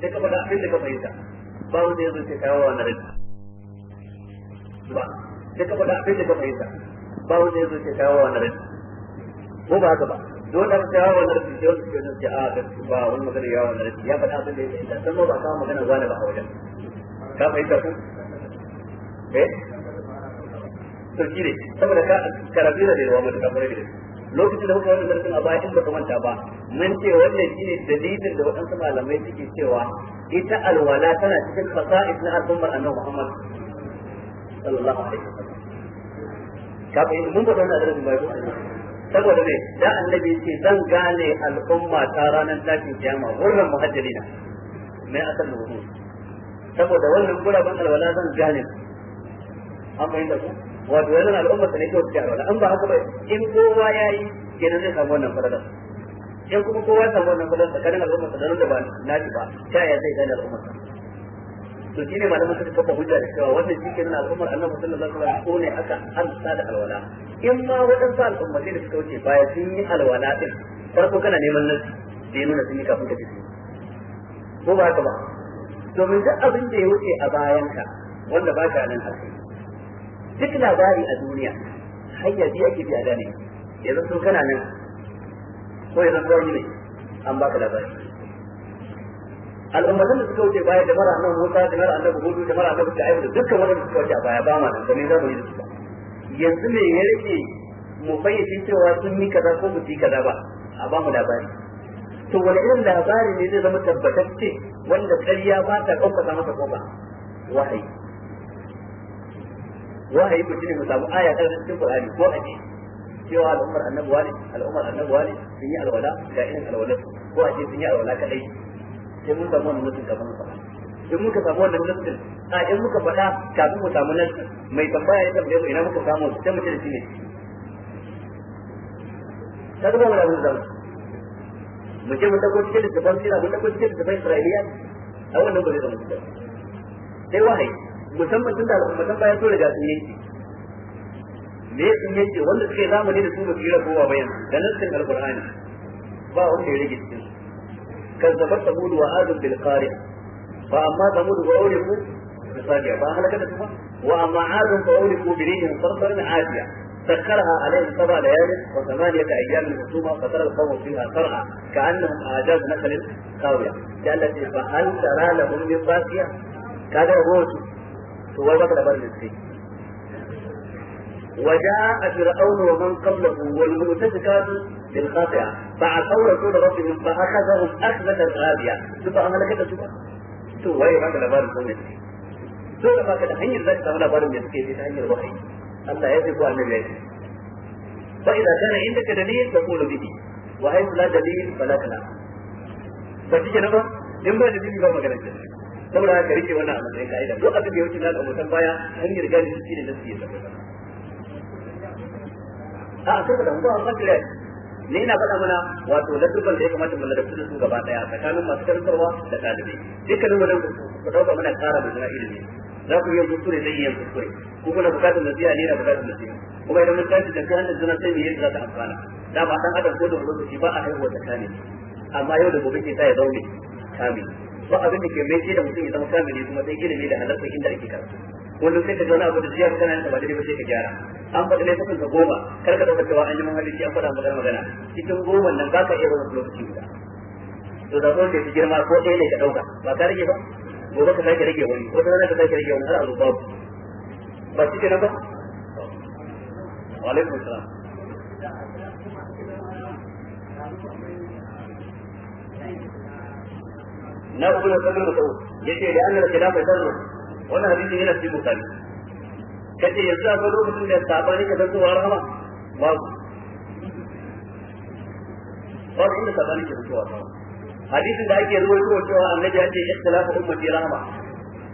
sai ka faɗa abin da ka fahimta ba wanda ya zo sai kawo wa ba sai ka faɗa abin da ka fahimta ba wanda ya zo sai kawo wa ko ba haka ba dole ka kawo wa narin sai wanda ke nan a ba wani magana ya wa narin ya faɗa abin da ya fahimta san ba ka magana wani ba a wajen ka fahimta ko eh to saboda ka karabi da yawa mutum ka fara lokacin da kuka yi zarfin a baya inda ka manta ba mun ce wannan shine dalilin da waɗansu malamai suke cewa ita alwala tana cikin fasa'is na al'ummar annabi Muhammad sallallahu alaihi wasallam kafin mun faɗa wannan adadin bai ko saboda ne da annabi ce zan gane al'umma ta ranar tashin kiyama wurin muhajirina mai asal wudu saboda wannan ban alwala zan gane amma inda ku wato wannan al'ummar ta ne kawai ta alwala an ba haka ba in kowa ya yi kenan zai samu wannan fadalar in kuma kowa ya samu wannan fadalar tsakanin al'ummar ta da da ba naci ba ta ya zai gane al'ummar sa to shi ne malamin suka kafa hujja da cewa wannan shi kenan al'ummar annabi sallallahu alaihi wasallam ko ne aka amsa da alwala in ma waɗansu al'ummai da suka wuce baya sun yi alwala din farko kana neman nasi da ya nuna sun yi kafin ka ji ko ba haka ba domin duk abin da ya wuce a bayanka wanda ba ka nan a duk labari a duniya hanya biyu ake bi a gane yanzu sun kana nan ko yanzu zanto ne an baka labari al'ummatan da suka wuce baya da mara nan wuta da mara annabi hudu da mara annabi ta'ayyud da dukkan wanda suka wuce a baya ba ma da ne za mu yi da su yanzu me ya rike mu fayyace cewa sun yi kaza ko su yi kaza ba a ba mu labari to wani irin labari ne zai zama tabbatacce wanda ƙarya ba ta ƙaukata masa ba, wahayi wahayi mu shine mu samu aya ta cikin Qur'ani ko a cewa al'ummar annabi wani al'ummar annabi wani sun yi alwala ga irin alwala ko a ce sun yi alwala kadai sai mun samu wannan mutum kafin mu faɗa in muka samu wannan mutum a in muka faɗa kafin mu samu nan mai tambaya ya tambaye mu ina muka samu sai mu tare shi ne ta zama da abin zama mu je mu tako cikin littafin sira mu tako cikin littafin isra'iliya a wannan da zai zama sai wahayi musamman tun da al'ummatan baya sun riga sun yanki me sun yanki wanda suke zamani da su ba su yi rabuwa ba yanzu da nassin alqur'ani ba wanda ya rage cikin kazzabat samud wa adul bil qari'a fa amma samud wa uliku misaliya ba halaka da su ba wa amma adul fa uliku bi rihin sarsarin ajiya سخرها عليهم سبع ليال وثمانية أيام حسوما فترى القوم فيها صرعى كأنهم أعجاز نخل خاوية قالت فهل ترى لهم من باقية؟ كذا روت to wai baka da barin وجاء فرعون ومن قبله والمؤتفكات بالخاطئة فعصوا رسول ربهم فأخذهم أخذة غابية ثم أهلكت سبا to waye baka labarin sun yake to da baka da hanyar zaka samu labarin da suke ta hanyar wahayi Allah ya ce ko annabi ya ce fa idza kana indaka dalil taqulu bihi wa haythu la dalil fala kana ba kike na ba in ba ba magana saboda haka rike wannan a matsayin ka'ida duk abin da ya wuce na abokan baya hanyar gani shi ne nasu ya tabbata a saboda mu ba mu fasirai ne ina faɗa mana wato ladurban da ya kamata mu ladabtu da su gaba ɗaya tsakanin masu karantarwa da ɗalibai dukkanin wannan ku ɗauka mana ƙara mai zuwa ilimi za ku yi kuskure zai yi kuskure ku kuna bukatar nasiha ne na bukatar nasiha kuma idan mun tashi da kan juna sai mu yi za ta amfana da ba dan adam ko da lokaci ba a haihuwa tsakanin amma yau da gobe ke sa ya zaune kamin ba abin da ke mai ke da mutum ya zama kamili kuma sai ilimi da halarta inda ake karatu wanda sai ka zauna wani abu da jiya kana da ba ba sai ka gyara an faɗi laifukan ka goma kar ka ɗauka cewa an yi mahalici an faɗa magana magana cikin goma nan ba ka iya zama lokaci guda to da zuwa ke girma ko ɗaya ne ka ɗauka ba ka rage ba gobe ka sake rage wani wata rana ka sake rage wani har abu babu ba ke nan ba wa alaikum salam لا أقول أن مسعود يشير لأن الخلاف يسر وأنا هديت هنا في بوتاني كتي يسعى فلو مثل يستعطاني كتبت وارغما مارك قال إن سعطاني كتبت وارغما حديث دائك يدو يكو وشوها أن نجي أتي اختلاف أمة جيرانما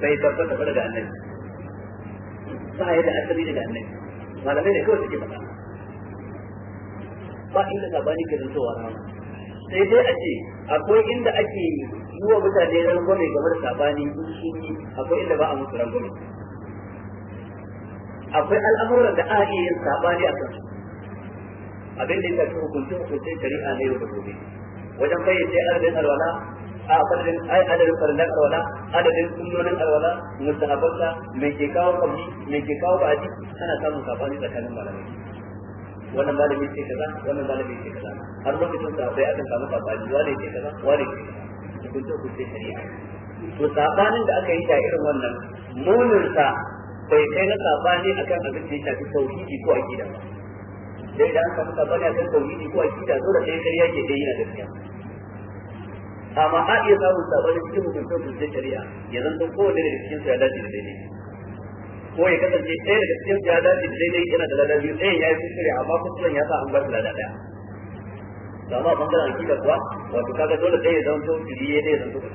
فهي تبقى تبقى لجأنني فهي يدع السبيل لجأنني ما لم يكو تجي مقام قال إن سعطاني كتبت وارغما sai dai a ce akwai inda ake yi wa mutane rangwame game da sabani in sun akwai inda ba a musu rangwame akwai al'amuran da ake yin sabani a kansu abin da ya hukuncin hukuncin shari'a na yau da gobe wajen fayyace adadin alwala a adadin adadin farillan alwala adadin sunnonin alwala abarta mai ke kawo kwamni mai ke kawo ba'adi tana samun sabani tsakanin malamai wannan malami ce kaza wannan malami ce kaza har lokacin da bai aka samu sabani wani ce kaza wani ce kaza kun ce ku shari'a to sabanin da aka yi ta irin wannan munin sa bai kai na sabani akan abin da ya shafi tauhidi ko akida ba sai da an samu sabani akan tauhidi ko akida dole sai shari'a ke dai yana gaskiya amma a iya samun sabani cikin hukuncin shari'a ya zanto kowane da cikin su ya dace da daidai ko ya kasance ɗaya daga cikin ya dace daidai yana da ladabi ɗaya ya yi kuskure amma kuskuren ya sa an bar ladabi ɗaya da ma bangaren akida kuwa wato kaga dole ɗaya ya zanto fili ya ɗaya zanto to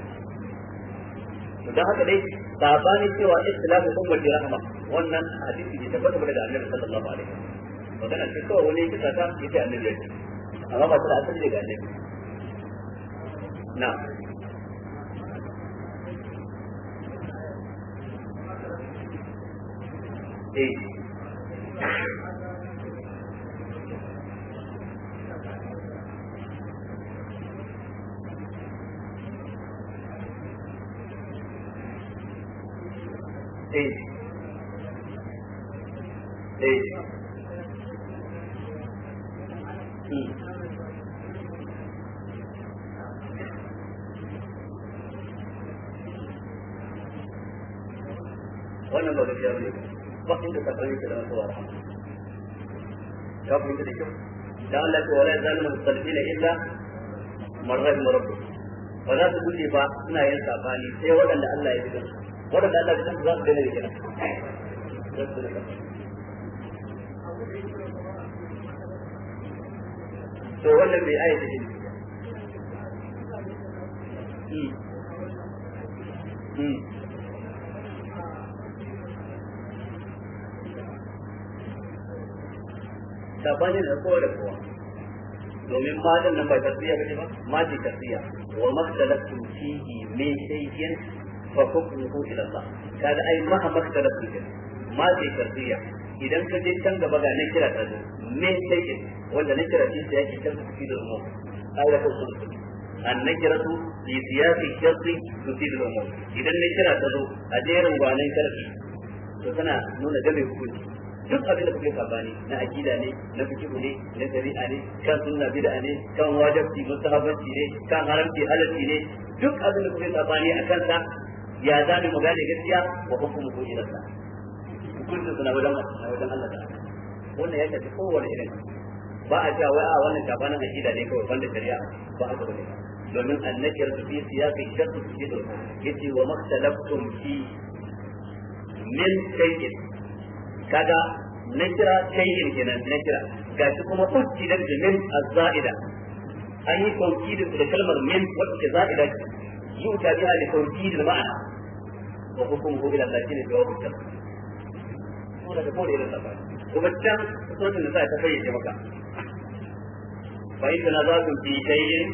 dan haka dai sabanin cewa istilahu kuma bar rahma wannan hadisi ne tabbata da annabi sallallahu alaihi wasallam magana ce kawai wani ya kisa ta yace annabi amma ba ta da asali daga annabi na'am এই এই এই wannan ba gaskiya bane bakin da sakon yake da masu wara ka fahimta da kyau da Allah ce wala zalimin musalfina illa marrahim rabbu ba za su guje ba suna yin sabani sai waɗanda Allah ya bidan waɗanda Allah ya bidan za su gane da kira to wannan bai aya take Mm. Mm. sabani da kowa da kowa domin matan nan bai tasbiya ba ba ma ji tasbiya wa maktalatu fihi min shay'in fa hukmuhu ila Allah kada ai ma maktalatu fihi ma ji tasbiya idan ka je can gaba ga nan kira ta zo min shay'in wanda nan kira shi ya kitan fi da mu ai da kusul an nakiratu bi siyasi sharti tusid al umur idan nakira ta zo a jerin gwanan sharti to tana nuna game hukunci duk abin da kuke sabani na akida ne na fiqh ne na shari'a ne kan sunna bid'a ne kan wajibi mustahabanci ne kan haramci halalci ne duk abin da kuke sabani akan sa ya zabi mu gane gaskiya wa hukumu ko ila sa da suna wajen wajen Allah ta wannan ya shafi kowane irin ba a cewa a ah, wannan sabanin akida ne kawai banda shari'a ba a gaba ne domin annakir fi siyaqi shakku fi yace wa maktalaftum fi min shay'in kaga nakira shay'in kenan nakira gashi kuma kunci da min azza'ida zaida an yi tawkid da kalmar min wacce za'ida yuta biha li tawkid al-ma'ana wa hukmuhu ila Allah shine jawabu ta kuma da kore da safa kuma can sunan da ta kai fayyace maka fa in tanazatu fi shay'in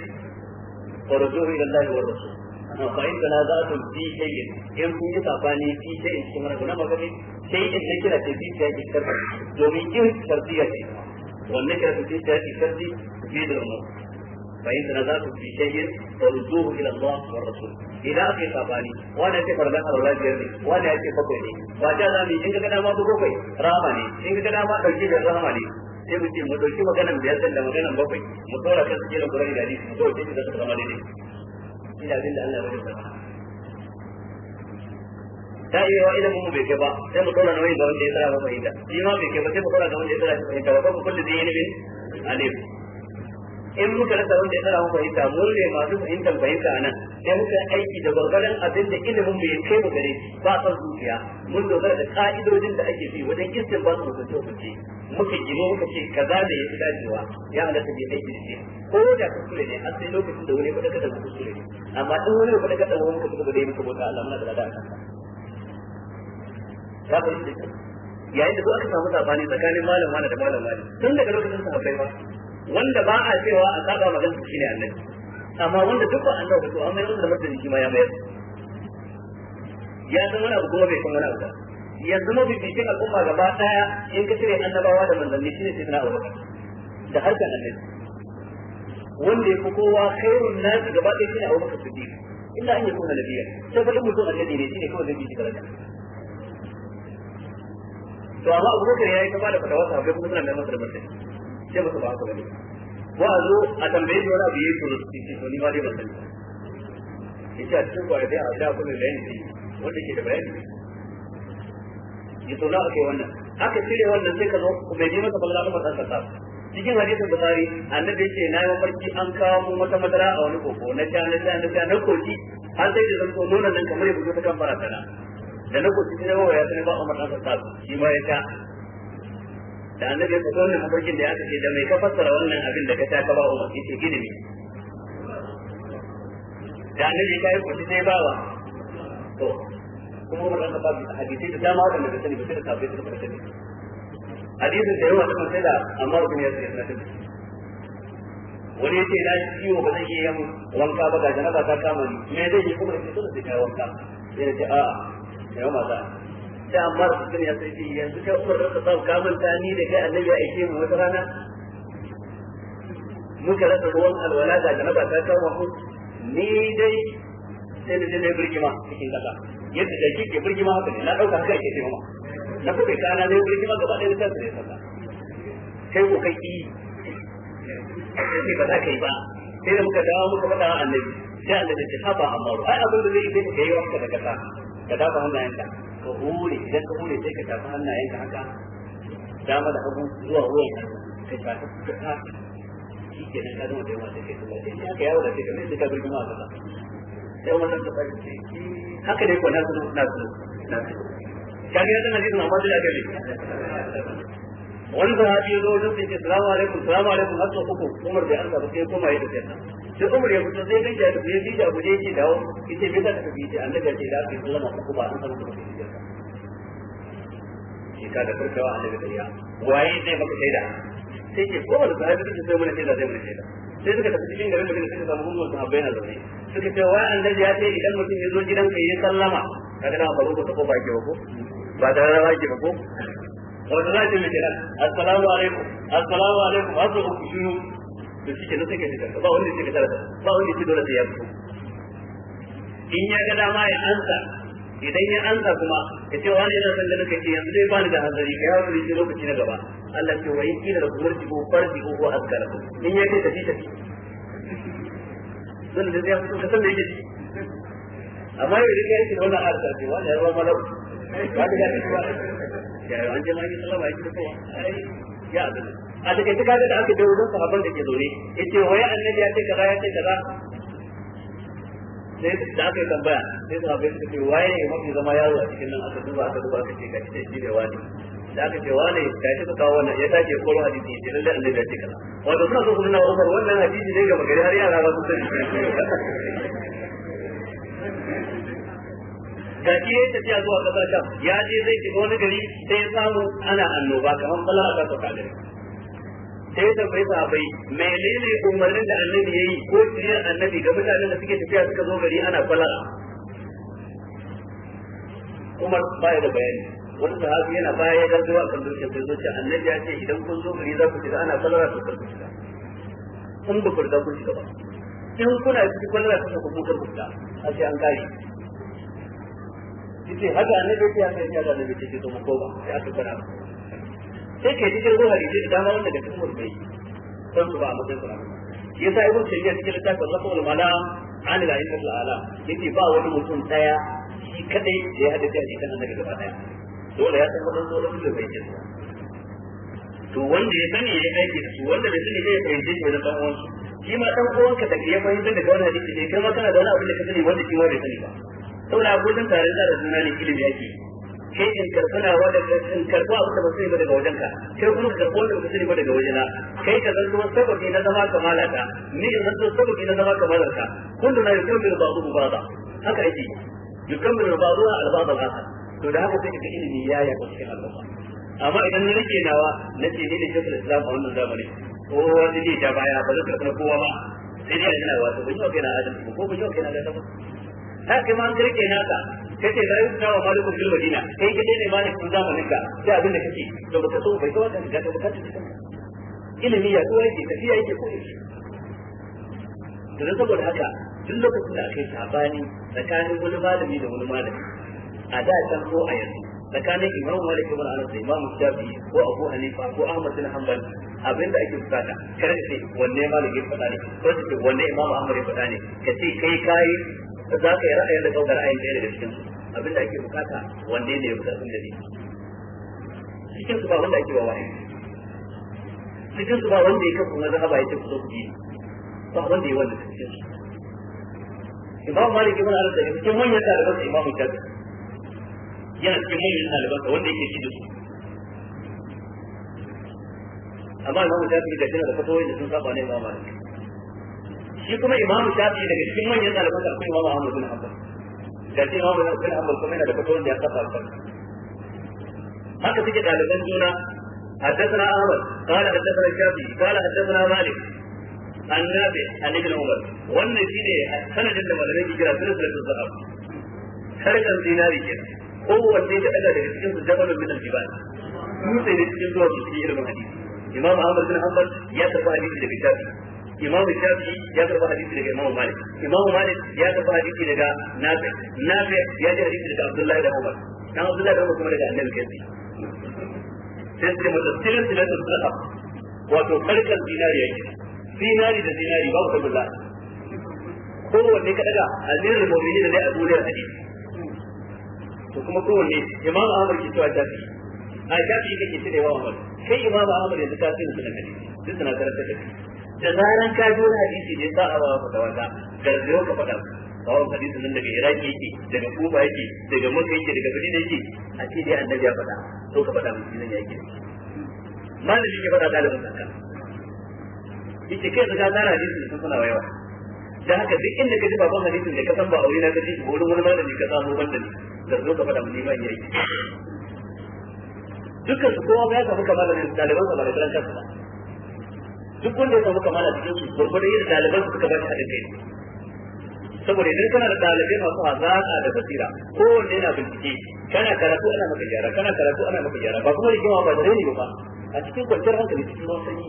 farzuhu ila Allah wa rasul fa in tanazatu fi shay'in in kun yi sabani fi shay'in kuma na magana sai in ta kira tafi ta yi sharri domin in ya ce wanda kira tafi ta yi sharri fi da mu bayin da za ku fi da farzuhu ila Allah wa rasul idan aka yi sabani wanda ce farga alwala biyar ne wanda ce bakwai ne ba ta za mu in ga ma ba bakwai rama ne in ga ma ɗauki da rama ne sai mu ce mu ɗauki maganan biyar da maganan bakwai mu tsora kan cikin Qur'ani da hadisi mu dauki da su zama daidai ina bin da Allah ya rubuta ta iya wa ilimin mu bai kai ba sai mu dora nauyin ga wanda ya tsara fahimta shi ma bai kai ba sai mu dora ga wanda ya tsara fahimta ba kuma kullu zai yi ne alif in muka rasa wanda ya tsara fahimta mun ne masu fahimtar fahimta a nan sai muka aiki da gwargwadon abin da ilimin mu ya kai mu gare ba san zuciya mun dogara da ka'idodin da ake bi wajen kistin ba su mutunce hukunci muka gimo muka ce kaza ne ya fi dacewa ya halatta bai aiki da shi ko da kuskure ne har sai lokacin da wani ya faɗa kada kuskure ne amma in wani ya faɗa kada wani ka ci gaba da yi muka bauta Allah muna da ladan kansa ka fahimci yayin da duk aka samu sabani tsakanin malam wani da malam wani tun daga lokacin sahabbai ba wanda ba a cewa a saba magana shi ne annabi amma wanda duk ba annabi to amma yanzu da mutum shi ma ya mayar ya san wani abu kuma bai san wani abu ba yanzu mafificin al'umma gaba daya in ka cire annabawa da manzanni shine sai na abubakar da harkar annabi wanda ya fi kowa khairun nasu gaba daya shine abubakar siddiq illa an yakuna nabiyya sai fa mutum annabi ne shine kawai zai bi shi daraja to amma Abu Bakar yayi ta bada fatawa sahabbai kuma suna mai masa da martani sai musu ba haka bane wa a zo a tambaye shi wani abu yayi to shi ce to ni ma dai ban sani yace a cikin kwaya dai a da kullu da yanzu wanda ke da bayani yato to a ake wannan aka cire wannan sai ka zo bai ji masa ballar ba dan ka cikin hadisin bukhari annabi ce na yi mafarki an kawo mu wata madara a wani koko na ta na ta na ta na koki har sai da ko nuna nan kamar ya fito ta kan fara sana da na gosi na wawa ya sani ba Umar dan Khattab shi ma ya ta da annabi ya fito wannan mafarkin da ya ce da mai ka fassara wannan abin da ka ta ka ba Umar yace ilimi da annabi ya yi kuɗi sai bawa to kuma Umar dan Khattab hadisi da dama wanda ka sani ba sai da sabai da ka sani hadisin da yawa kuma sai da amma ibn Yasir na tabbata wani ya ce na ciwo ba zan iya yin wanka ba ga ba ta kama ni me zai yi kuma in fito da ta wanka sai ya ce a'a ya maza sai amma da sun ya sai yanzu kai umar da sau ka manta ni da kai annabi ya aike mu wata rana muka rasa ruwan alwala da janaba ta kawo mu ni dai sai da dai birgima cikin kasa yadda da kike birgima haka ne na dauka haka yake ce mama na kuɗe kana ne birgima gaba ɗaya ta sai kasa kai ko kai ki sai ba za ka yi ba sai da muka dawo muka faɗa annabi sai annabi ta ce haba amma ai abin da zai yi sai ka yi wa ka da kasa ka tafi hannayenka ka hure idan ka hure sai ka tafi hannayenka haka dama da hagu zuwa wuyan ka tafi ka tafi shi ke nan ka zama ta sai kai sallah in haka yawo da ta kamar sai ka bi kuma a sai wannan ka ce haka dai ko na su na su na su ka ga yadda hadisin amma da aka wani sahabi ya zo wajen sai ke salamu alaikum salamu alaikum har sau uku umar bai ansa ba sai koma ya tafi da umar ya fito sai gaja da ya bija guje yake dawo yace me zaka tafi ce daga ce da aka sallama ku ba san ku shi ka da farkawa annabi da ya waye zai baka shaida sai ce ko wanda sahabi kike sai mun da zai mun shaida sai suka tafi cikin garin Madina suka samu umar sahabbai na zaune suka ce wai annabi ya ce idan mutum ya zo gidanka yi sallama kaga na faru ko ko baki ko ba da rawa ki ba ko wanda zai ce me kenan assalamu alaikum assalamu alaikum har ku shiru to shi ke sai ka ba wanda ya ce ka tara ba wanda ya ce dole sai ya fito in ya ga dama ya ansa idan ya ansa kuma ya ce wani yana son ganin kace yanzu dai bani da hanzari ka yawo shi lokaci na gaba Allah ce wa yaqina da kurji ko farji ko ko azkara in ya ce tafi tafi dan da ya fito kasan da yake amma yau da yake wannan azkar ce wani ya zama malau ba da ya ce ya an je ma yi sallama yake da kowa ya abin a takaice kaga da aka je wajen sahabban da ke zaune yace waye annabi ya ce kaza ya ce kaza sai da aka yi tambaya sai sahabbai suka ce waye ne mafi zama yawo a cikin nan aka duba aka duba aka ce gashi shi ne wani da aka ce wani da ya ka kawo wannan ya tashi koro hadisi ya ce lalle annabi ya ce kaza wato suna so su nuna umar wannan hadisi ne ga magari har yara ba su sani da shi yayi tafiya zuwa kasar Sham ya je zai shiga wani gari sai ya samu ana annoba kamar bala'a ta ta sai da bai sahabbai menene umarnin da annabi yayi ko tiyar annabi ga mutanen da suke tafiya suka zo gari ana falara Umar baya da bayani wani sahabi yana baya ya gargawa kan dukkan sai ce annabi ya ce idan kun zo gari za ku shiga ana falara to kar ku shiga kun ba ku riga shiga ba in kuna cikin falara kuka ku mutar kuka shiga a sai an gari yace haka annabi ya ce haka ya ce annabi ya ce to mu ba sai aka fara sai kai cikin ruwa da da dama wanda da cikin mulki don su ba a matsayin Qur'ani ya yasa ibn Taymiyyah cikin littafin Rafa'ul Malam an la ilaha illa ya yake ba wani mutum daya shi kadai da ya hada da shi kan daga gaba daya dole ya san wannan zuwa da bai ce to wanda ya sani ya aiki da su wanda bai sani bai fahimce shi da dan uwansu shi ma dan uwanka da ya fahimta daga wannan hadisi ne kai ma kana da wani abin da ka sani wanda shi ma bai sani ba saboda abokin tare da juna ne ilimi yake yi kai in karbana wanda in karɓi abin da ba sani ba daga wajen ka kai kuma ka karɓi wanda ba sani ba daga wajena kai ka zanto sababi na zama kamala ta ni in zanto sababi na zama kamalar ka kullu na yukammilu ba'dahu ba'da haka yake yukammilu ba'dahu al-ba'd al-akhar to da haka sai ka ilimi ya ya ba cikin al'umma amma idan na rike nawa na ce ni ne shekul islam a wannan zamani ko wani ne da baya ba zan karɓi kowa ba sai dai a jina wato ban yi wa kaina adalci ko ban yi wa kaina adalci ba haka ma an karke naka kace la yusna wa maliku fil madina kai ka kace ne malik kun zamanin ka sai abin da kake to baka so bai kawai ka ga baka ilimi ya ko yake tafiya yake ko yake to dan saboda haka duk lokacin da aka yi sabani tsakanin wani malami da wani malami a da can ko a yanzu tsakanin imam malik ibn anas da imam shafi ko abu hanifa ko ahmad bin hanbal abin da ake bukata kar ka ce wanne malik ya faɗa ne ko ka ce wanne imam ahmad ya faɗa ne ka ce kai kai za ka yi ra'ayin da kaukar ayin ɗaya daga cikin su abinda ake bukata wanda ne ya bukatun da ne cikin su ba wanda ake bawa ne cikin su ba wanda ya kafa haba ya ce kusa zo ba wanda ya wanda cikin su imam malik ibn anas ya cikin manyan ɗaliban sa imam shafi yana cikin manyan ɗaliban sa wanda yake shi da su amma imam shafi da shi da fatawoyi da sun saba ne imam malik shi kuma imam shafi daga cikin manyan ɗaliban sa akwai imam Ahmadu na hanbal da shi hawa bin Hanbal kuma da fito ya kafa alfar haka suke daliban juna حدثنا أحمد قال حدثنا الشافعي قال حدثنا مالك عن نافع عن ابن عمر وان شيء سند da malamai ke kira sunan zahab sarkan dinari kenan kowanne da ɗaga daga cikin su jabalun min al-jibal dutse ne cikin zuwa cikin irin hadisi imam ya tafi imam shafi ya karba hadisi daga imam malik imam malik ya karba hadisi daga nafi nafi ya ji hadisi daga abdullahi da umar dan abdullahi da umar kuma daga annabi kai sai sai mata tilan tilan da sadaka wato karkan dinari yake dinari da dinari babu kabulla kowanne ka daga azirin mu'minin da dai a duniyar hadisi to kuma kowanne imam ahmad ke cewa shafi a shafi kake cire wa kai imam Ahmad yanzu ka sani sunan hadisi duk suna karanta da da zaran ka ji wani hadisi ne za a ba ka wata garzayo ka faɗa bawon hadisin nan daga Iraki yake daga Kuba yake daga Makka yake daga Madina yake a ce dai annabi ya faɗa to ka faɗa musu nan yake shi ke faɗa dalibin kanka yake kai da zara tsara hadisin sun suna yawa da haka duk inda ka ji baban hadisin da ka san ba aure na ka ji wurin wani malami ka samu wanda ne garzayo ka faɗa mu ba yake dukkan su kowa ba ya samu kamala da daliban sa ba da karantar ba duk wanda ya samu kamala cikin su gurgurdan yadda daliban su suka ba shi kai saboda idan kana da dalibai masu hazaka da basira kowanne yana bincike kana karatu ana maka gyara kana karatu ana maka gyara ba kuma rigima ba da rini ba a cikin kwanciyar hankali cikin sanyi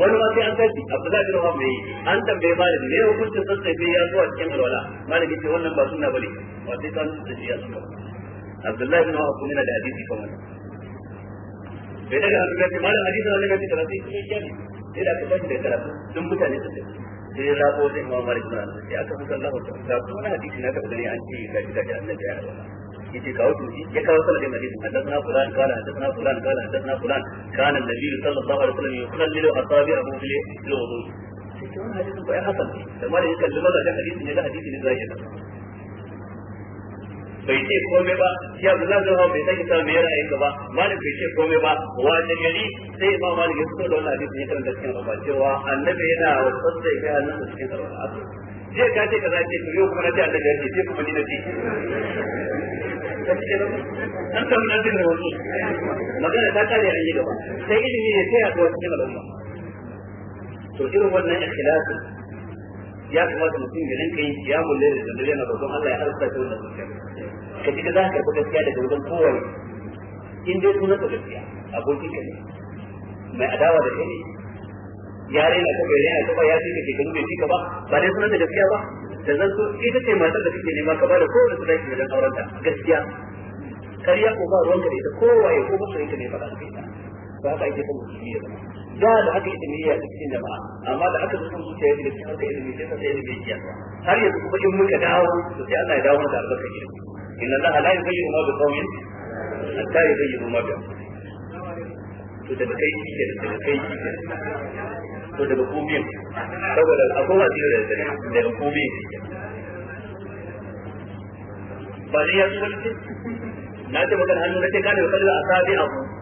wani ma sai an tashi abdullahi bin wahab mai an tambaye malami ne hukuncin sassafe ya zuwa cikin alwala malami ce wannan ba sunna bane ba sai kan da shi ya sunna abdullahi bin da kamar bai daga hannu da malam hadisi na nabi da shi ya ne sai da aka bashi da karatu dun mutane su sai sai ya zabo sai imam malik na sai aka fuka Allah ta ta wani hadisi na tabbata ne an ce ga shi da annabi ya yace kawo to ya kawo sanadin hadisi haddathna fulan qala haddathna fulan qala haddathna fulan kana annabi sallallahu alaihi wasallam yuqallilu asabi'ahu fil wudu sai wannan hadisin ba ya hasan kamar yake kallon da hadisi ne da hadisi ne zai yi bai ce komai ba ya Abdullah bin hau bai sake sa yara yanka ka ba malik bai ce komai ba wa gari sai imam malik ya fito da abin da ya cikin ba cewa annabi yana wasar da ya kai da cikin sarwa je ka ce ka za ce yau kuma na ce annabi ya ce sai kuma ni na ce an samu nazarin da wani magana ta kare an yi gaba sai ilimi ne ce a zuwa cikin al'umma to irin wannan ikhlasin ya kamata mutum ya rinka yin kiyamun lalle da dare na roƙon Allah ya arsa ta wannan zuciya ka ji za ka karɓi gaskiya daga wajen kowane in dai sunan ka gaskiya abokin ka ne mai adawa da kai ne ya kuma ka bai raina ka ba ya fika shekaru bai fika ba ba dai sunan da gaskiya ba da zan so ita ce matar da suke nema ka ba da kowane su dace wajen aurenta gaskiya kariya ko ba ruwanka da ita kowaye ko ba su ita ne faɗa da ita ba haka ake son musulmi ya da da haka ilimi a cikin jama'a amma da aka zuwa zuciya ya haka ilimi sai sai ilimi ya har yanzu kuma in muka dawo to sai Allah ya dawo da albarka inna Allah la ma bi hatta ma bi to kai ke kai ke to saboda akwai yau da daga komiyan ba ya na ce magana hannu na ce da a abu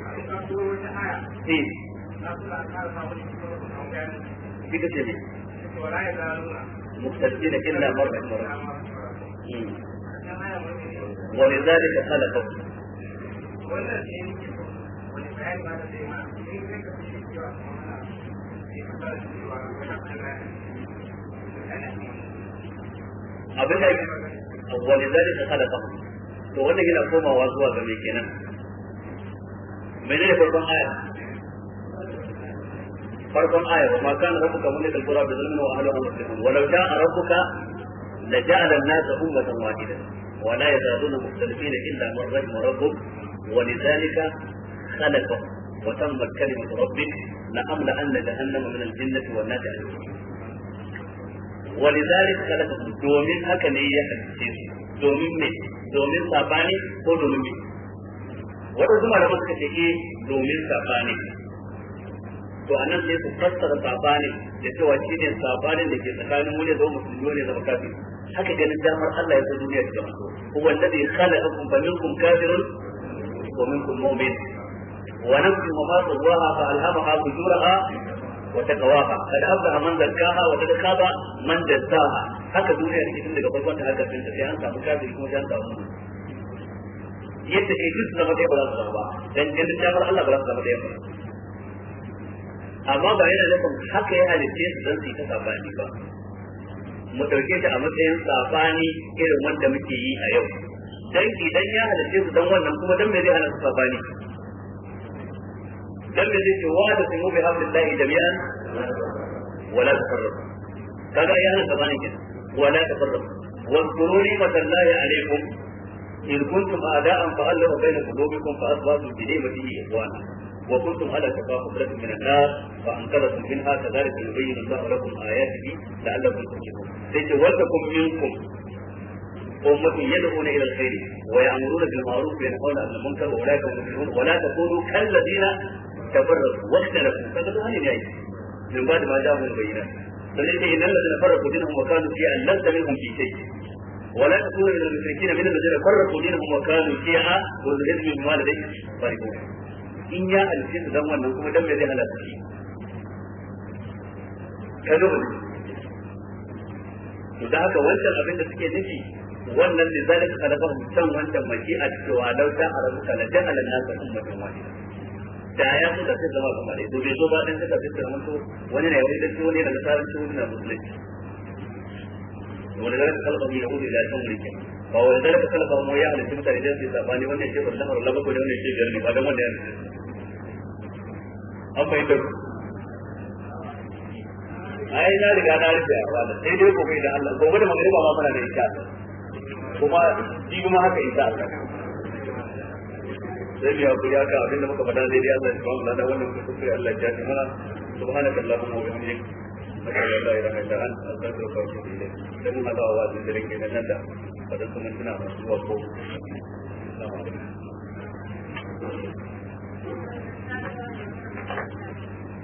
ايه؟ في كتير مستسلمة إلا مرة مرة ولذلك خلقه abin da wani zari ta kada kafa to wanda gina komawa zuwa ga mai kenan mai ne farkon aya farkon aya wa ma kana rabbuka mulikal qura bi dhulmin wa ahlihi muslimun wa law jaa rabbuka la ja'ala an-nasa ummatan wahidatan wa la yazaluna mukhtalifina illa man rahima rabbuk wa lidhalika khalaqahum wa tammat kalimatu rabbik la amla anna jahannama min al-jinnati wan nasi ajma'in wa lidhalika khalaqahum domin haka ne ya halice su domin me domin sabani ko domin me wadansu malaman suka ce domin sabani to nan sai su fassara sabani da cewa shi ne sabanin da ke tsakanin wani zama musulmi ne zama kafiri haka ganin damar Allah ya san duniya ta zama huwa alladhi khalaqakum fa minkum kafirun wa minkum mu'min wa nafsin ma sawwaha fa alhamaha fujuraha wa taqwaha kad aflaha man zakkaha wa kad khaba man dassaha haka duniya take tun daga farkon ta haka tun sai an samu kafiri kuma sai samu yadda ke duk zama da ba za su zama ba dan ganin damar Allah ba za su zama da ba amma ba yana nufin haka ya halitta su don su yi ta safani ba mu ɗauke shi a matsayin safani irin wanda muke yi a yau dan idan ya halitta su don wannan kuma dan me zai hana su sabani dan me zai ce wa da su mu bi hamdillahi jami'an wala tafarraqu kaga ya hana sabani kenan ولا تفرقوا واذكروا نعمة الله عليكم إن كنتم أعداء فألف بين قلوبكم bi بنعمته إخوانا وكنتم على شفا حفرة من النار فأنقذكم منها كذلك يبين الله لكم آياته لعلكم تفلحون سيتي ولتكن منكم أمة يدعون إلى الخير ويأمرون بالمعروف وينهون عن المنكر وأولئك هم المفلحون ولا تكونوا كالذين تفرقوا واختلفوا فقد هل يعني من بعد ما جاءهم البينات فليس إن الذين فرقوا دينهم وكانوا فيها لست منهم في شيء ولا تكونوا من المشركين من الذين فرقوا دينهم وكانوا فيها وذل من ما لديهم in ya alfi su dan wannan kuma dan zai halatta shi kaga wani to da haka wancan abin da suke nufi wannan ne zai ka da san wancan maki a cikin law ta arabu kana da ala nasa ummatun wani da ya so da zama kamar dai bai ba dan suka fitar mutu wani ne wani dan wani daga tsarin su na musulunci wani da kalba mai yahudi da san mulki ba wani da kalba mu ya halitta mutane da su sabani wannan shi wannan harlaba ko wannan shi garni ba dan wannan an bai da ai na riga na rufe a wala sai dai gobe da Allah gobe da magariba ma muna da insha kuma ji kuma haka insha Allah sai mu hakuri haka abinda muka faɗa zai dai ya ba mu ladan Allah ya ji mana subhanaka allahumma wa bihamdika nashhadu an la ilaha illa anta astaghfiruka wa atubu ilayk dan mun hada wa da rinke nan da kuma masu wa ko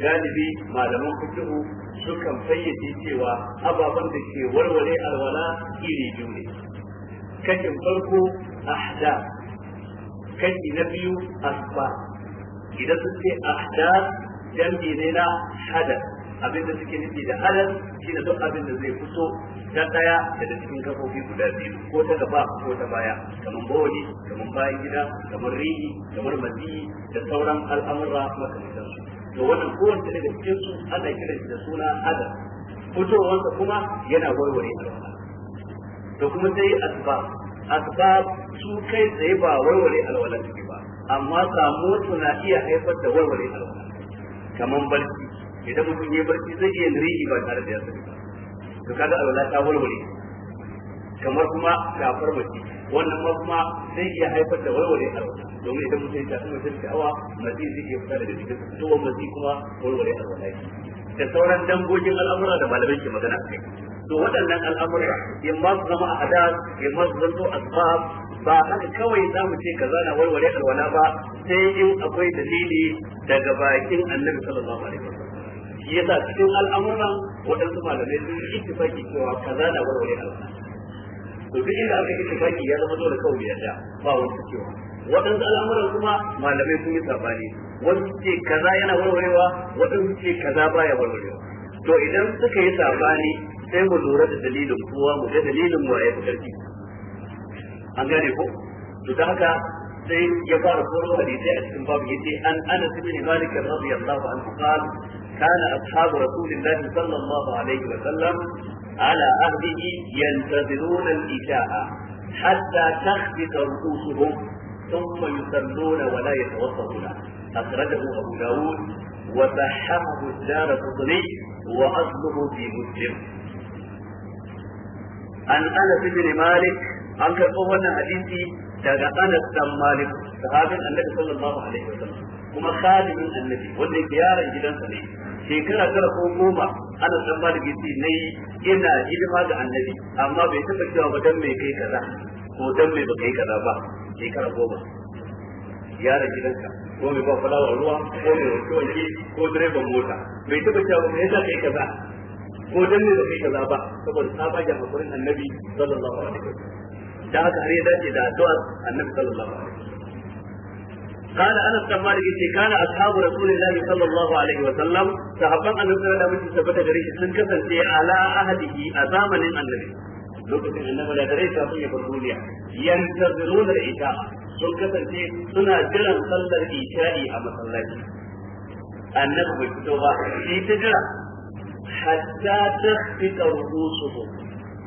galibi malaman fikihu sukan fayyace cewa ababen da ke warware alwala iri jure ne kashin farko ahda kashi na biyu asba idan sun ce ahda jam'i ne na hada abin da suke nufi da hada shi da duk abin da zai fito ta daya daga cikin kafofi guda biyu ko ta gaba ko ta baya kamar bawali kamar bayan gida kamar rihi kamar mazi da sauran al'amura makamantansu to wannan kowanne daga cikin su ana kiran shi da suna adab fitowarsa kuma yana warware alwala to kuma sai asba asba su kai tsaye ba warware alwala suke ba amma samuwar su na iya haifar da warware alwala kamar barci idan mutum ya barci zai iya nuri ba tare da ya sani ba to kaga alwala ta warware kamar kuma kafar mutum wannan ma kuma zai iya haifar da warware a domin idan mutum ya tafi mutum sha'awa mazi zai iya fita daga jikin fitowar mazi kuma warware alwala da sauran dangogin al'amura da malamai ke magana kai to waɗannan al'amura in ma su zama a hadas in ma su zanto asbab ba haka kawai za mu ce za na warware alwala ba sai in akwai dalili daga bakin annabi sallallahu alaihi wasallam shi yasa cikin al'amuran waɗansu malamai sun yi ittifaki cewa kaza na warware alwala to duk inda aka yi baki ya zama dole kawai yadda ba wani cewa waɗansu al'amuran kuma malamai sun yi sabani Wani ce kaza yana warwarewa waɗansu ce kaza baya warwarewa to idan suka yi sabani sai mu lura da dalilin kowa mu ga dalilin waye ku karfi an gane ko to ta haka sai ya fara koro hadisai a cikin babu yace an ana bin malik radiyallahu anhu qala kana ashabu rasulillahi sallallahu alaihi wa sallam على عهده ينتظرون الإشاء حتى تخبط رؤوسهم ثم يصلون ولا يتوسطون أخرجه أبو داود وصححه الدار قطني وأصله في مسلم عن أنس بن مالك أنك أن حديثي daga Anas dan Malik sahabin Annabi sallallahu alaihi wasallam kuma khadimin Annabi wanda yake yaron gidansa ne shekara tara ko goma ana san malik na yi ina hidima ga annabi amma bai taba cewa ba dan mai kai kaza ko dan mai ba kai kaza ba shekara goma yara gidanka ko mai ba fulawa ruwa ko mai wanke wanke ko direban mota bai taba cewa ba mai kai kaza ko dan mai ba kai kaza ba saboda sabajin hakurin annabi sallallahu alaihi wasallam da haka har ya dace da addu'ar annabi sallallahu alaihi wasallam قال انا استمر مالك كان اصحاب رسول الله صلى الله عليه وسلم رسول الله صلى الله عليه وسلم da gare sun kasance ازامن a zamanin annabi lokacin annabi da gare shi ita sun kasance suna jiran sallar isha'i a masallaci annabi bai fito ba sai ta jira hatta ta fita su.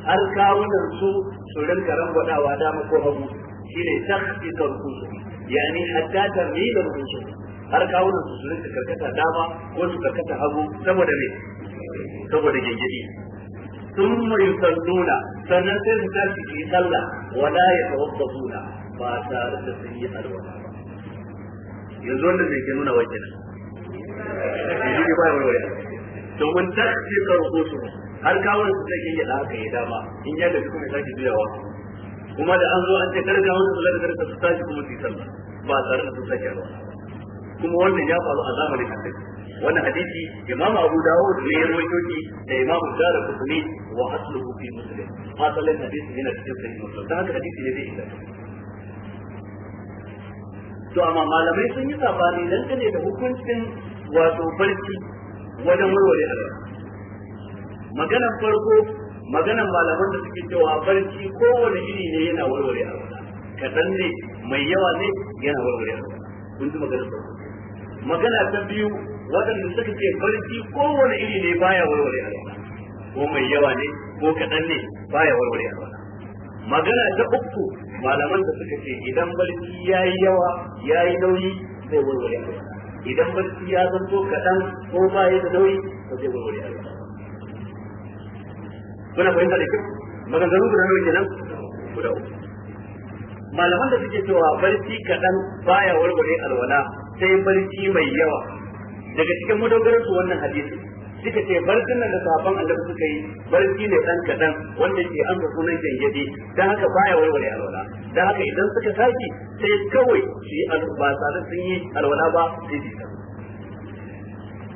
har kawunan su su rinka rangwadawa dama ko hagu shine ta yani hatta tarbiyyar mutum har kawunan su su ta karkata dama ko su karkata hagu saboda me saboda gengedi ثم يصلون sannan sai su tashi su yi sallah wala ya tawaffazuna ba tare da sun yi alwala yanzu wanda zai ke nuna wajen to yanzu ne ba wani domin ta ce su har kawai su zai yi da aka yi dama in yadda su kuma sake juyawa kuma da an zo an ce kada ga wani sallah kada su tashi kuma su yi sallah ba tare da sun sake alwala kuma wannan ya faru a zamanin annabi wannan hadisi imam abu dawud ne ya rawaito shi da imam dara kutuni wa asluhu fi muslim asalin hadisi yana cikin sahih muslim dan haka hadisi ne zai inganta to amma malamai sun yi sabani dangane da hukuncin wato barci wajen warware alwala maganar farko maganan malaman da suke cewa barci kowane iri ne yana warware a wata kaɗan ne mai yawa ne yana warware a wata kun ji maganar farko magana ta biyu waɗanda suka ce barci kowane iri ne baya warware a wata ko mai yawa ne ko kaɗan ne baya warware a wata magana ta uku malaman da suka ce idan barci ya yi yawa ya yi nauyi zai warware a wata idan barci ya zanto kaɗan ko ba ya da nauyi ba zai warware a wata kuna fahimta da kyau maganganu guda nawa kenan guda uku malaman da suke cewa barci kaɗan baya warware alwala sai barci mai yawa daga cikin madogaran su wannan hadisi suka ce barcin nan da sahabban annabi suka yi barci ne dan kaɗan wanda ke ga sunan jangade dan haka baya warware alwala dan haka idan suka tashi sai kawai su yi alwala ba sun yi alwala ba sai su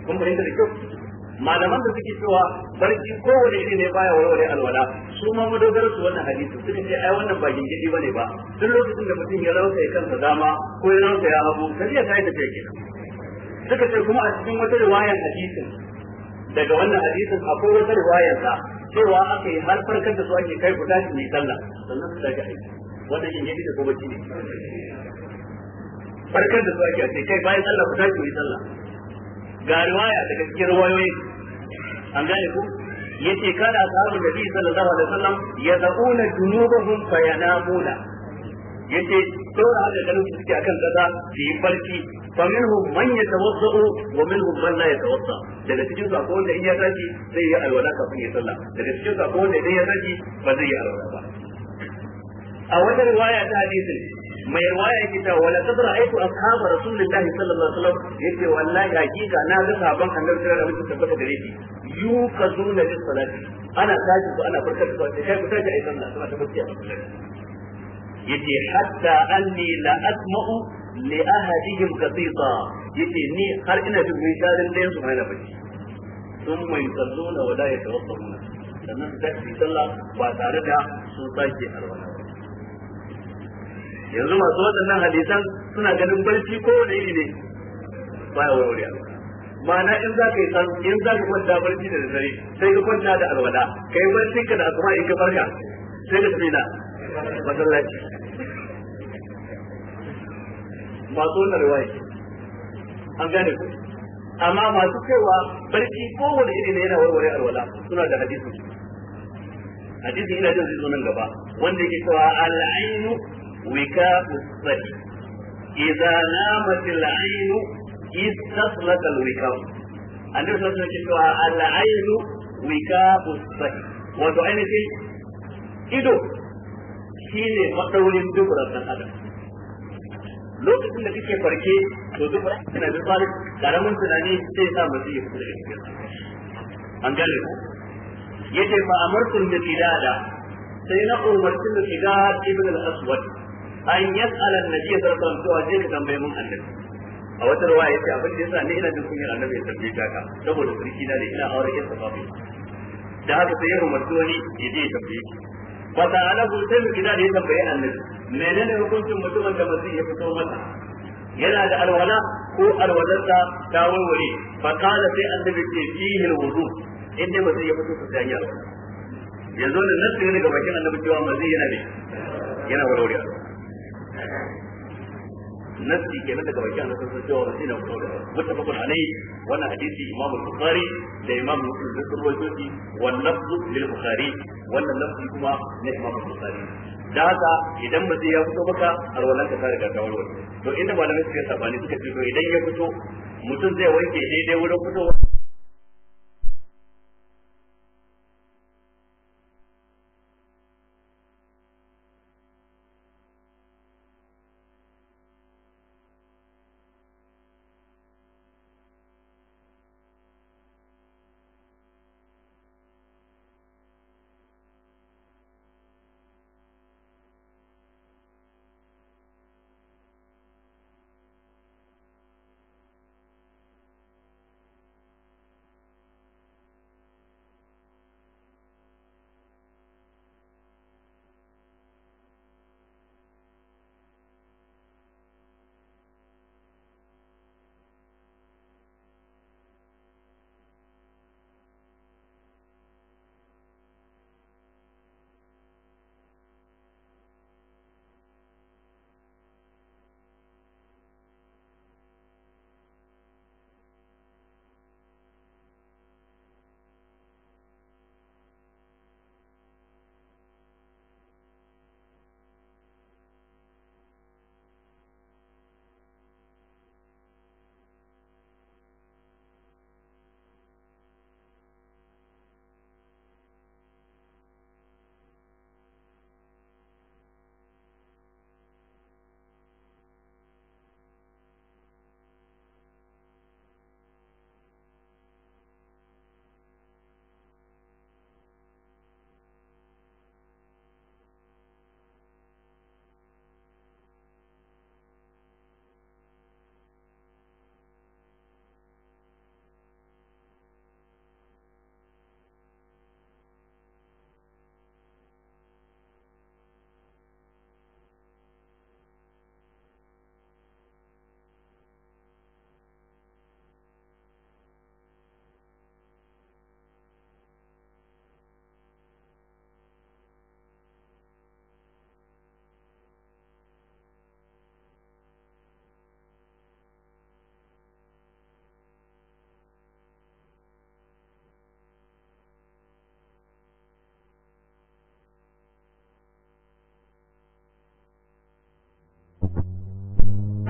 kun fahimta da kyau malaman da suke cewa barci kowane shi ne baya warware alwala su ma madogar su wannan hadisi suka ce ai wannan ba gingidi bane ba duk lokacin da mutum ya rauta ya kansa dama ko ya rauta ya hagu sai ya kai da take kenan suka ce kuma a cikin wata riwayar hadisin daga wannan hadisin akwai wata riwayar da cewa aka yi har farkar da su ake kai guda shi ne sallah sannan su daga aiki wannan gingidi da ko bacci ne farkar da su ake kai bayan sallah guda shi ne sallah ga riwaya daga cikin riwayoyi an gane ku yace kana da bi sallallahu alaihi wasallam junubuhum fa yanamuna yace saura haka ganin su suke akan kaza su yi barci fa minhum man yatawaddu wa minhum man la yatawadda daga cikin su akwai wanda in ya tashi zai yi alwala kafin ya sallah daga cikin su akwai wanda idan ya tashi ba zai yi alwala ba a wannan riwaya ta hadisi mai riwaya yake cewa wala qad ra'aytu ashab rasulillah sallallahu alaihi wasallam yace wallahi hakika na ga sahabban annabi sallallahu alaihi wasallam tabbata gare shi yukazuna bis salati ana tashi ko ana farkar ko sai ku tashi ai sallah suna tabbaci a yace hatta anni la asma'u li ahadihim qatita yace ni har ina jin mai sharin da yansu mai na bacci sun mai salluna wala yatawaffaquna sannan su tashi sallah ba tare da sun sake alwala yanzu masu waɗannan hadisan suna ganin barci ko wani iri ne baya warware alwala ma'ana in za ka yi san in za ka kwanta barci da dare sai ka kwanta da alwada kai barci ka da asuba in ka farka sai ka tafi na masallaci masu wannan riwaya an gane ku amma masu kaiwa barci ko wani iri ne yana warware alwala suna da hadisin hadisi ina jin zai zo nan gaba wanda yake cewa al'ainu وكاء الصدي إذا نامت العين استصلت الوكاء annabi sallallahu alaihi wasallam cewa al'ainu wika'u sahi wato ainihin ido shine madaurin dubura dan adam lokacin da kake farke to dubura kana da tsari karamin tunani sai sa mutum ya fita daga cikin an gane yace fa da sai na umartun da kidada ibn al-aswad an yas'ala annabi sallallahu alaihi wasallam cewa je ka tambaye mun annabi a wata ruwaya yace abin da yasa ni ina jin kunyar annabi ya tambaye ka saboda sarki na ne ina aure yasa babu da haka sai ya umarci wani ya je ya tambaye shi fa ta'alahu sai mu kida da ya tambaye annabi menene hukuncin mutumin da mazi ya fito mata yana da alwala ko alwalarsa ta warware fa kana sai annabi ce fihi alwudu inda dai mazi ya fito sai ya yanzu ne nan ga bakin annabi cewa mazi yana ne yana warware alwala nasi kenan daga bakin annabi sun cewa wani ne ko mutafaqun alayhi wannan hadisi imamu bukhari da imamu muslim da sun rawaito wannan wal lil bukhari wannan lafzi kuma na imamu bukhari da haka idan mace ya fito baka arwalan ka ta riga ta warware to inda malamai suka sabani suka ce idan ya fito mutum zai wanke daidai wurin fitowa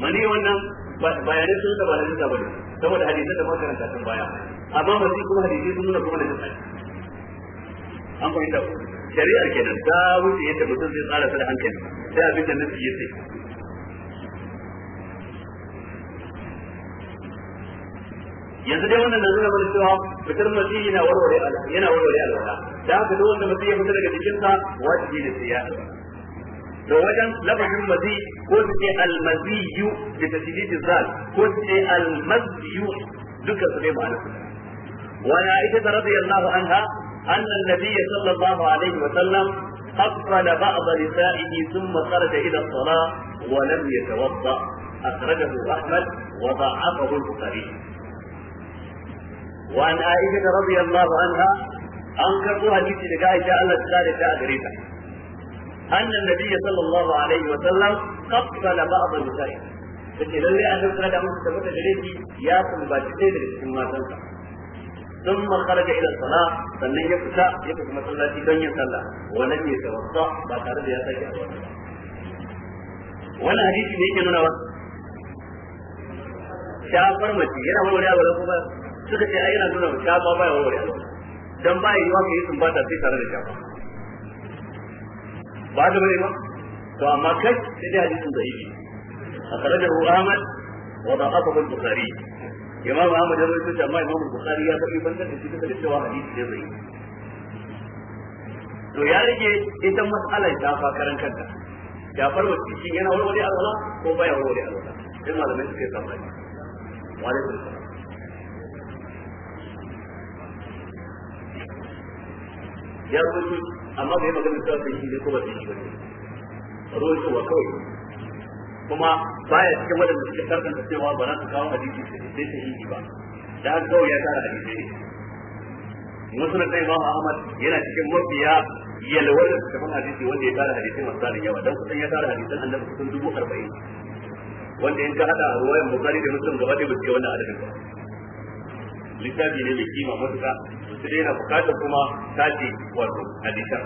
mani wannan bayanai sun da bayanai da bane saboda hadisi da makaranta sun baya amma ba shi kuma hadisi sun nuna kuma da jinta an fahimta shari'ar kenan ta wuce yadda mutum zai tsara ta da hankali sai abin da nufi yace yanzu dai wannan nan nuna mana cewa fitar masihi yana warware yana warware alwala da haka duk wanda masihi ya fita daga sa wajibi ne sai ya ووجن لفظ المزي قلت المزي بتشديد الزال قلت المزي ذكر zal ko su ce وعن عائشة رضي الله عنها أن النبي صلى الله عليه وسلم اقبل بعض نسائه ثم خرج إلى الصلاة ولم يتوضأ أخرجه أحمد وضعفه البخاري وعن عائشة رضي الله عنها أنكروا حديث لقاء الله تعالى غريبا أن النبي صلى الله عليه وسلم قبل بعض النساء take lalle an dauka da musu da mata gare shi ya sumbaci ɗaya daga cikin matansa sun makara da ilan sannan ya fita ya fita masallaci don yin sallah wannan ya tawassa ba tare da ya sake a wannan hadisi ne yake nuna wa shafar mace yana warware a wani kuma suka ce yana nuna shafa ba ya warware a don ba yi wa ka yi sumbata sai tare da shafa ba da bane ba to amma kai sai dai hadisin da yake akhrajahu Ahmad wa da'afahu al-Bukhari Imam Ahmad ya rawaito amma Imam Bukhari ya faɗi bandan da shi da cewa hadisi ne zai to ya rage ita mas'alar ta fa karan kanta Jafar wacce shi yana wani alwala ko baya wani alwala sai malamai suke tsammani wa alaikum salam ya rubuta amma bai magana cewa sai shi ne ko ba sai shi ba wa kawai kuma baya cikin waɗanda suke da cewa ba za su kawo hadisi sai sai yi ba da an kawai ya tara hadisi ne na sai ba Ahmad yana cikin mafiya yalwar da suka fan hadisi wanda ya tara hadisi masu tsarin yawa dan kusan ya tara hadisin annabi kusan dubu arba'in wanda in ka hada ruwayan bukari da muslim gaba da ba su kai wannan adadin ba lissafi ne mai kima matuƙa su daina bukatar kuma tace wato hadisan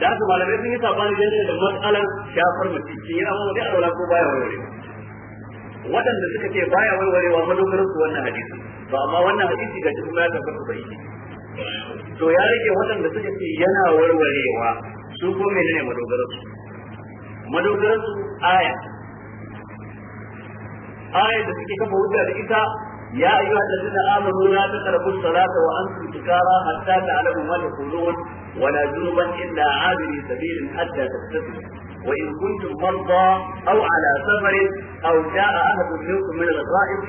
da su malamai sun yi sabani dangane da matsalar shafar mutum shin yana wani alwala ko baya warware waɗanda suka ce baya warwarewa madogaran su wannan hadisi to amma wannan hadisi ga cikin ya tabbata bai yi to ya rage waɗanda suka ce yana warwarewa su ko menene madogaran su madogaran su aya aya da suke kafa hujja da ita يا أيها الذين آمنوا لا تقربوا الصلاة وأنتم سكارى حتى تعلموا ما تقولون ولا جنبا إلا عابري سبيل حتى تغتسلوا وإن كنتم مرضى أو على سفر أو جاء أحد منكم من الغائب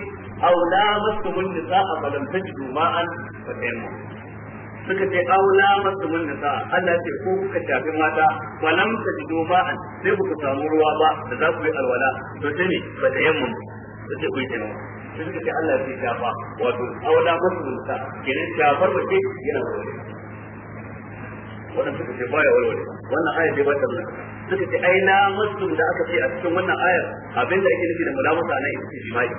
أو لامستم النساء فلم تجدوا ماء فتيمموا suka ce aw la mun nasa Allah ce ko kuka shafi mata wa lam tajidu ma'an sai kuka samu ruwa ba da za ku yi alwala to sai ne ba ta da ba sai ku yi tana sai suka ce Allah zai shafa wato auna masu musa kenan shafar mace yana warware wannan suka ce baya warware wannan aya ce ba ta nuna suka ce ai na masu da aka ce a cikin wannan ayar abinda ake nufi da mulamasa nan ita ce jima'i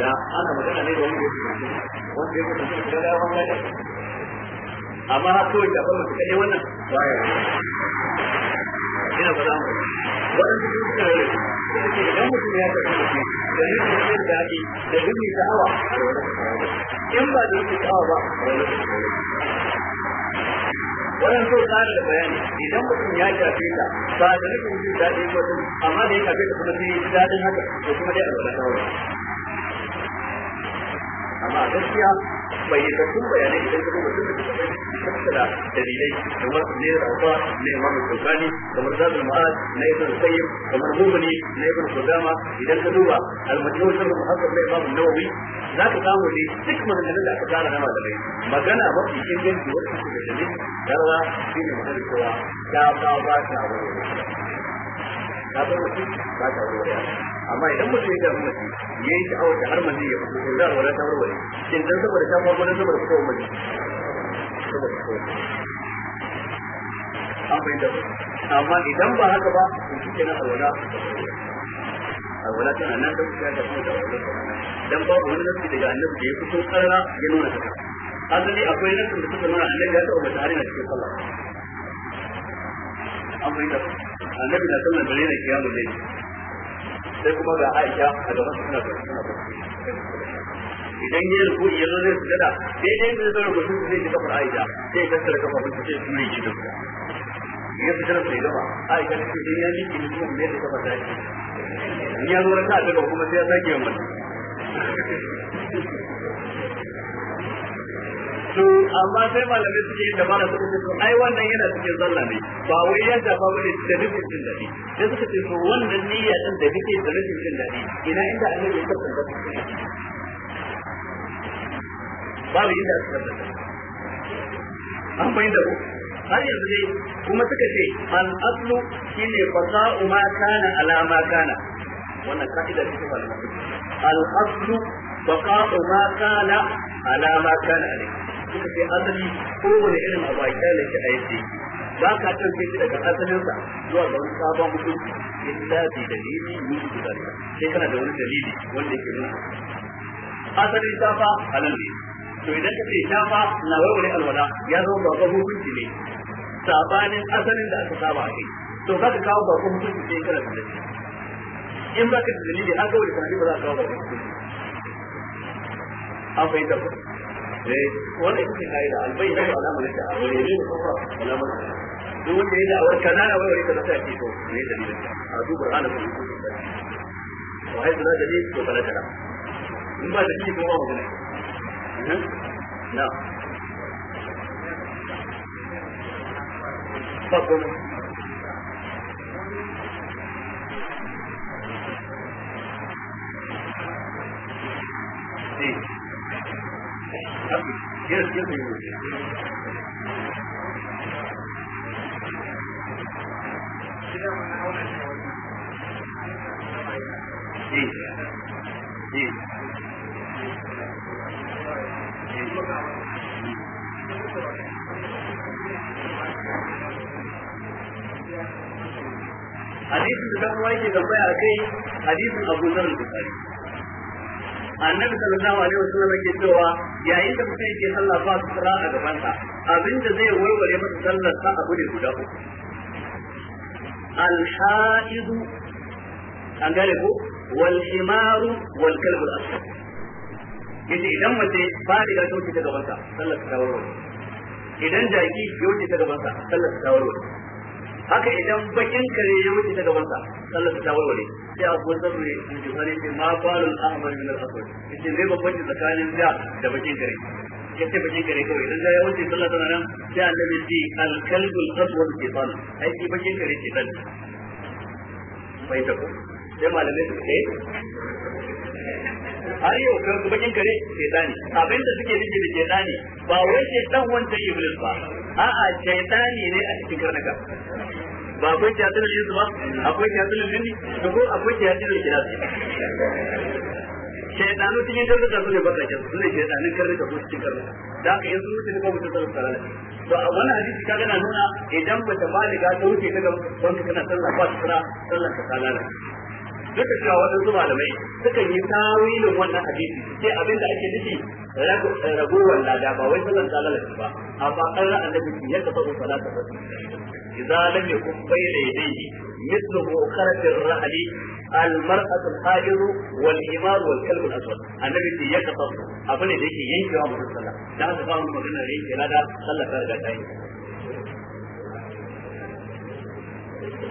da ana magana ne da wanda ya wanda ya mutu da ya wanda ya amma ha kawai da ban su kaɗai wannan baya ina ba za mu waɗansu sun suka rarrabe suka ce idan mutum ya tafi da shi da rikin jin daɗi da rikin sha'awa in ba da rikin sha'awa ba wannan so tsara da bayani idan mutum ya shafe ta ba da rikin jin daɗi ko tun amma da ya shafe ta kuma sai ya ji daɗin haka ko kuma dai alwala ta wuri amma gaskiya bayyanatun bayanai idan ka duba duk da tattala dalilai kamar ne da ne Imam kamar Zadul Ma'ad na Ibn kamar na Ibn idan ka duba al-Majmu' sharh Muhammad na Imam Nawawi za ka samu ne duk maganganun da aka tsara na malamai magana mafi inganci wanda suke da cewa ta ba ta wani ka bar mace ba ta warware amma idan mutum ya damu mace ya yi sha'awar ta har mace ya fito sai za a ta warware shin dan saboda ta farko dan saboda fitowar mace amma idan ba haka ba to shi kenan alwala alwala tana nan da wuta da kuma da alwala dan babu wani nasi daga annabi da ya fito karara ya nuna haka asali akwai nasin da suka nuna annabi ya taɓa mace har yana cikin sallah an bai annabi na sallan dare ne kiyamun ne sai kuma ga aisha a gaban suna idan ya rubu ya zo zai sujada daidai da zai rubu sun zai ji kafar aisha sai ya tattara kafa sun sai ture ji duk ya sujada sai gaba aisha ta ce idan eh, ya miki ne kuma mai da kafa ta ce in ya zo ran ta gaba kuma sai ya sake yawan to amma sai malamai suke yin dabara suka ce to ai wannan yana cikin sallah ne ba wai yadda ba bane da nufin jin daɗi sai suka ce to wannan niyya din da kake da nufin jin daɗi ina inda annabi ya kasance babu inda suka kasance an fahimta ko har yanzu dai kuma suka ce al aslu shine fasa'u ma kana ala ma kana wannan ka'ida ce ta malamai al aslu fasa'u ma kana ala ma kana alayhi suka ce asali kowane irin abu a ke shi a yake ba ka ɗauke shi daga asalinsa zuwa ga wani sabon hukunci illa bi dalili yusu da zalika sai kana da wani dalili wanda yake nuna asalin shafa halal ne to idan ka ce shafa na warware alwala ya zama ba ga hukunci ne sabanin asalin da aka saba a kai to za ka kawo ba hukunci sai kana da dalili in ba ka da dalili haka wani kana ba za ka kawo ba hukunci fahimta ba wanda yake kai da albayna ala malaka wala yamin kufra wala man duk wanda ya da'awar kaza na wai wai kaza ta ce to ne dalilin a duba ranar ku wa haizu na dalil to kala kala in ba da kuma ba magana na فضل yes yes hadisin da dan wake tambaya akai hadisin Abu Dharr Bukhari annabi sallallahu alaihi wasallam yake cewa yayin da mutum yake sallah ba su tsara a gaban sa abinda zai warware masa sallar sa abu ne guda uku al-ha'id an wal himar wal kalb al-asfar idan mace ta jaki ya haka idan bakin kare ya wuce ta gabansa sallar ta warware sai a kuwa sabu ne in ji ce ma falul ahmar min al-aswad yace me bambanci tsakanin da da bakin kare yace bakin kare kawai idan ya wuce sallar tana nan sai annabi ce al-kalbul aswad shaytan ai shi bakin kare ce dan mai ta ko sai malamai su ce eh? har yau kan bakin kare shaytani abinda suke nufi da shaytani ba wai ɗan wanda iblis ba a'a shaytani ne a cikin karnaka ba akwai tiyatul jinsu ba akwai tiyatul ne da ko akwai tiyatul kinas shaydanu cikin karnuka su ne bakakin su ne shaydanun karnuka ko cikin karnuka da aka yanzu mutu ne ko mutu sallar sallar to a wani hadisi ka gana nuna idan mace baliga ta wuce ta ga wanda kana sallah ba ta sallah sallar ta sallar duk da cewa waɗansu malamai sukan yi tawilin wannan hadisi sai abin da ake nufi ragowar lada ba wai sallar ta ba amma an ra'a da biki yadda ba kun salata ba idza lam yakun da yadayhi yi muqarrati ko rali al-mar'atu al-hayd wal imar wal-kalb al-aswad annabi ce ya kafa abin da yake yankewa mu sallah dan haka ba mu magana ne yake lada sallar ta riga ta yi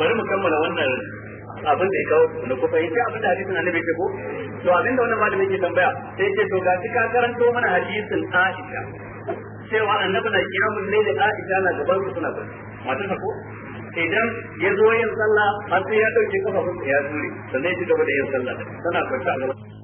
bari mu kammala wannan abin da ya kawo su na kufa yace abin da hadisin annabi yake ko to abin da wannan malamin ke tambaya sai ce to ga ka karanto mana hadisin Aisha Sai cewa annabi na kiyamun ne da Aisha na gaban su suna barci matan ko idan ya zo yin sallah har sai ya dauke kafafun ya zure sannan ya ci gaba da yin sallah tana kwanta a gaban